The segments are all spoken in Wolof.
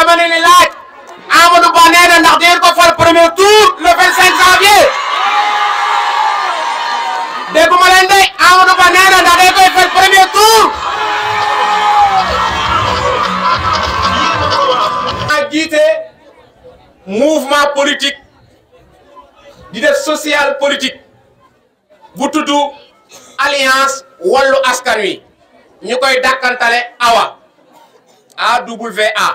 dama ne ni laaj Amadou Ba nee na ndax ko fal premier tour le 25 janvier déggu ma leen de Amadou Ba nee na ndax dangeen koy premier tour. maa jiite mouvement politique di def social politique bu tudd alliance wallu askan wi ñu koy dàkkantale AWA AWA.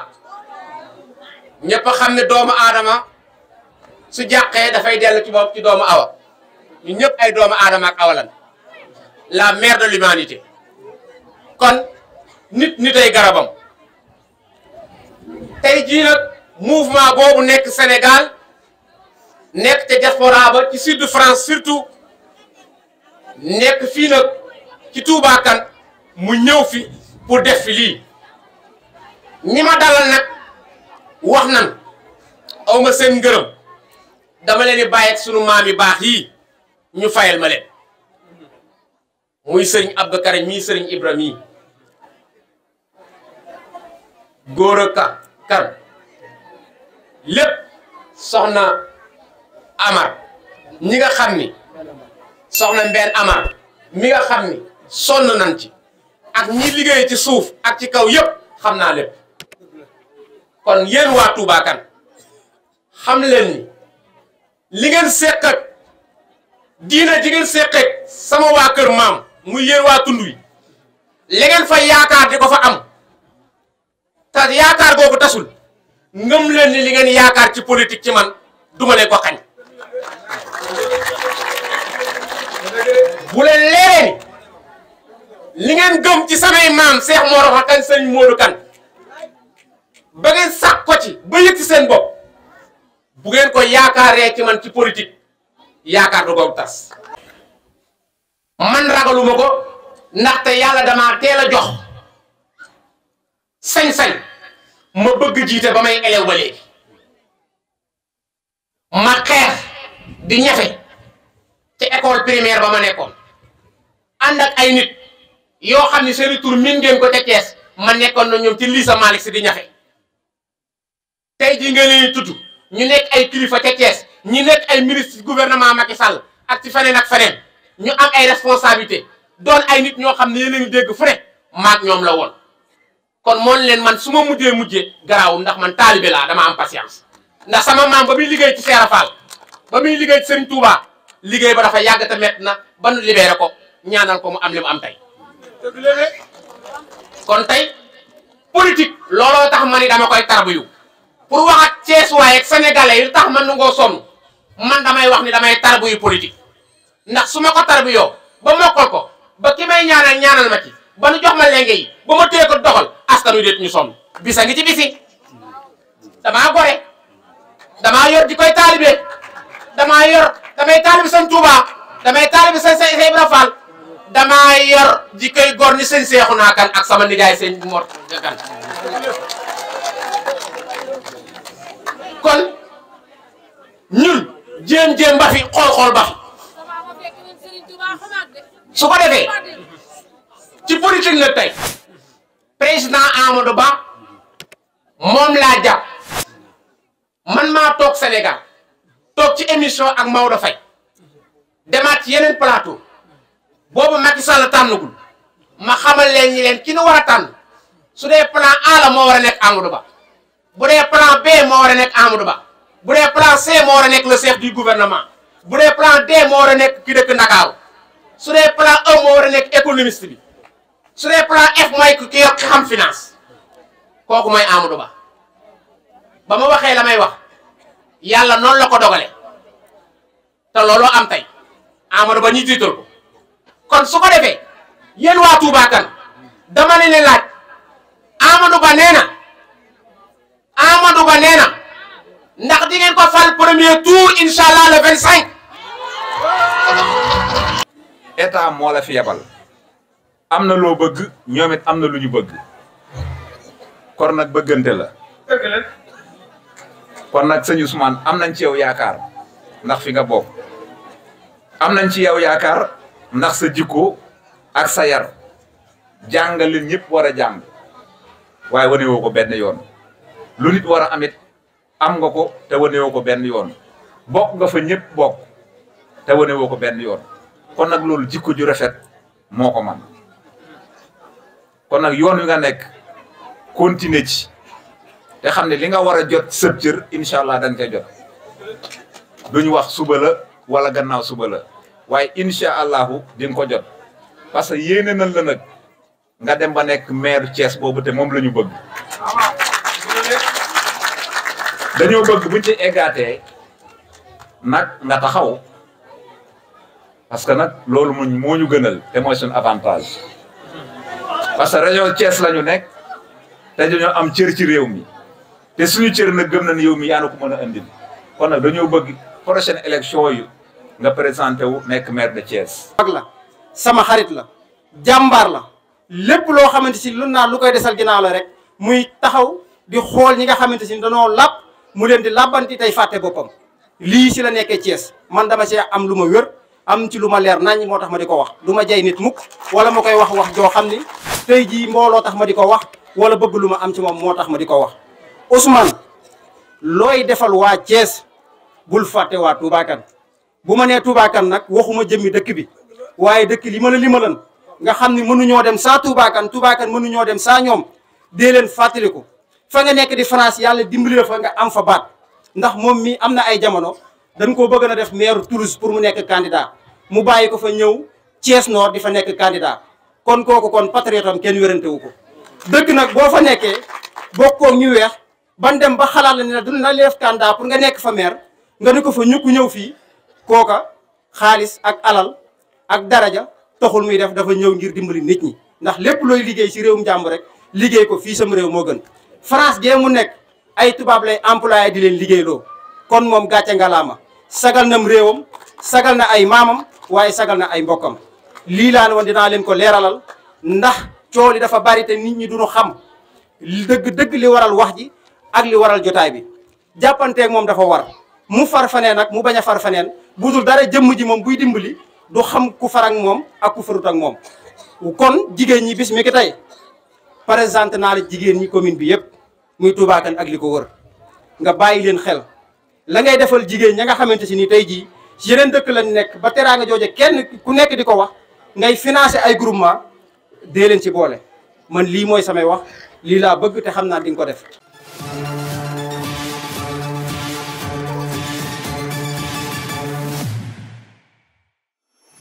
ñëpp xam ne doomu aadama su jàqee dafay dellu ci bopp ci doomu awa ñu ñëpp ay doomu aadama ak awalan la mère de l'humanité kon nit nit ay garabam tey jii nag mouvement boobu nekk Sénégal nekk ca diaspora ci sud France surtout nekk fii ci Touba mu ñëw fi pour def fi lii ma dalal nag wax nan awma seen ngërëm dama leen di bàyyi sunu maam yi baax yii ñu fayal ma leen muy sëriñ Abdou Karim mii sëriñ Ibrahima yi góor a ka kar lépp soxna Amar ñi nga xam ni soxna Mbène Amar mi nga xam ni sonn nan ci ak ñi liggéey ci suuf ak ci kaw yëpp xam naa lépp kon yéen waa Touba kan xam leen ni li ngeen seq ak diina ji ngeen sama waa kër maam mu yéen waa tund wi fa yaakaar di ko fa am te yaakaar boobu tasul ngëm leen li ngeen yaakaar ci politique ci man dumale leen ko xañ bu leen ni li ngeen gëm ci samay maam Cheikh Moro Kane sëñ Modou Kane ba ngeen sàkk ko ci ba yëg seen bopp bu ngeen ko yaakaaree ci man ci politique yaakaar du ko tas man ragaluma ko ndax ndaxte yàlla damaa teel a jox sañ-sañ ma bëgg jiite ba may elew ba léegi ma xeex di ñafe te école primaire ba ma nekkoon ànd ak ay nit yoo xam ni seeni tur min ngeen ko ca Cees ma nekkoon na ñoom ci sa Malick Sy di ñafe tey jii nga leen ñu nekk ay kilifa ca Thiès ñu nekk ay ministre gouvernement Macky Sall ak ci feneen ak feneen ñu am ay responsabilité doon ay nit ñoo xam ne yéen dégg fu ne maag ñoom la woon kon moon leen man su ma mujjee mujjee garaawul ndax man taalibe la dama am patience ndax sama maam ba muy liggéey ci Seera Fall ba muy liggéey ci Serigne Touba liggéey ba dafa yàgg te mett na ba nu libéré ko ñaanal ko mu am li mu am tey kon tey politique looloo tax ma ni dama koy tarbiyu pour wax ak Cees waaye ak yi tax man nu ngoo sonn man damay wax ni damay tarbuyu politique ndax su ma ko tarbuyoo ba mokkal ko ba ki may ñaanal ñaanal ma ci ba nu jox ma lenge yi ba ma téye ko doxal askan wi déet ñu sonn bisa ngi ci bisi damaa bore dama yor di koy taalibe damaa yor damay taalibe sëñ Tuuba damay taalibe sëñ Sëñ Ibra Fall dama yor di koy gor ni sëñ Seexu naa kan ak sama nijaay sëñ Mor kan kon ñun jéem jéem ba fi xool xool ba su ko defee ci politique la tey président Amadou Ba moom laa jàpp man maa toog Sénégal toog ci émission ak Maodo Faye demaat ci yeneen plateau boobu Macky Sall tànnagul ma xamal leen ñi leen ki nu war a tànn su dee plan A la moo war a nekk Amadou Ba. bu dee plan B moo war nekk Amadou Ba bu dee plan C moo war nekk le chef du gouvernement bu dee plan D moo war nekk ki dëkk Ndakaaru su dee plan E moo war nekk économiste bi su dee plan F mooy ki yor xam finance kooku mooy Amadou Ba ba ma waxee la may wax yàlla noonu la ko dogale te looloo am tey Amadou Ba ñuy tiital kon su ko defee yéen waa Touba Kane dama leen laaj Amadou Ba nee ko fal premier tour incha allah le 25. état moo la fi yebal. am na loo bëgg ñoom am na lu ñu bëgg. kon nag bëggante la. kon nag sëñ Ousmane am nañ ci yow yaakaar ndax fi nga bokk. am nañ ci yow yaakaar ndax sa jikko ak sa yar jàngalin ñëpp war a jàng waaye wane woo ko benn yoon lu nit war a amit am nga ko te wanewoo ko benn yoon bokk nga fa ñëpp bokk te wanewoo ko benn yoon kon nag loolu jikko ju rafet moo ko man kon nag yoon wi nga nekk continuer ci te xam ne li nga war a jot sëb cër incha allah da nga koy lu ñu wax suba la wala gannaaw suba la waaye incha allahu di ko jot parce que yéene nañ la nga dem ba nekk maire cees boobu te moom la ñu bëgg. dañoo bëgg buñ ci eggaatee nag nga taxaw parce que nag loolu muñ moo ñu gënal te mooy suñu avantage parce que région cees la ñu nekk te dañoo am cër ci réew mi te suñu cër nag gëm na ne yow mi yaa na ko mën a andil kon nag dañoo bëgg prochaine élection yu nga présenté wu nekk maire de Thiès. mag la sama xarit la jàmbaar la lépp loo xamante si lu naan lu koy desal ginnaaw la rek muy taxaw di xool ñi nga xamante si danoo làpp mu leen di làbbanti tey fàtte boppam lii si la nekkee Thiès man dama see am lu ma wér am ci lu ma leer nañ moo tax ma di ko wax du ma jay nit mukk wala ma koy wax wax joo xam ni tey jii mbooloo tax ma di ko wax wala bëgg lu ma am ci moom moo tax ma di ko wax Ousmane looy defal waa Thiès bul fàtte waa Touba Kane bu ma nee Touba Kane nag waxuma jëmmi dëkk bi waaye dëkk li ma la nga xam ni mënuñoo dem saa Touba Kane mënuñoo dem saa ñoom dee leen fàttaliku fa nga nekk di France yàlla dimbali fa nga am fa baat ndax moom mi am na ay jamono dañ koo bëgg na def maire Toulouse pour mu nekk candidat mu bàyyi ko fa ñëw Thiès Nord di fa nekk candidat kon kooku kon patriote am kenn wérante wu ko dëgg nag boo fa nekkee bokkoog ñu weex ban dem ba xalaat la ne la du na leef candidat pour nga nekk fa maire nga ne ko fa ñukku ñëw fii kooka xaalis ak alal ak daraja taxul muy def dafa ñëw ngir dimbali nit ñi ndax lépp looy liggéey ci réewum jàmm rek liggéey ko fii sam réew moo gën France gee mu nekk ay tubaab lay employé di leen liggéeyloo kon moom gàcce ngalaama sagal nam réewam sagal na ay maamam waaye sagal na ay mbokkam lii laa ne woon dinaa leen ko leeralal ndax coow li dafa bari te nit ñi duñu xam dëgg dëgg li waral wax ji ak li waral jotaay bi jàppanteek moom dafa war mu far faneen ak mu bañ a far faneen budul dara jëmm ji moom buy dimbali du xam ku far ak moom ak ku farut ak moom kon jigéen ñi bis mi ki tey présenté naa la jigéen ñi commune bi yëpp muy Touba ak li ko wër nga bàyyi leen xel la ngay defal jigéen ña nga xamante si nii tey jii si yeneen dëkk lañ nekk ba teraanga jooje kenn ku nekk di ko wax ngay financer ay groupement dee leen ci boole man lii mooy samay wax lii laa bëgg te xam naa di ko def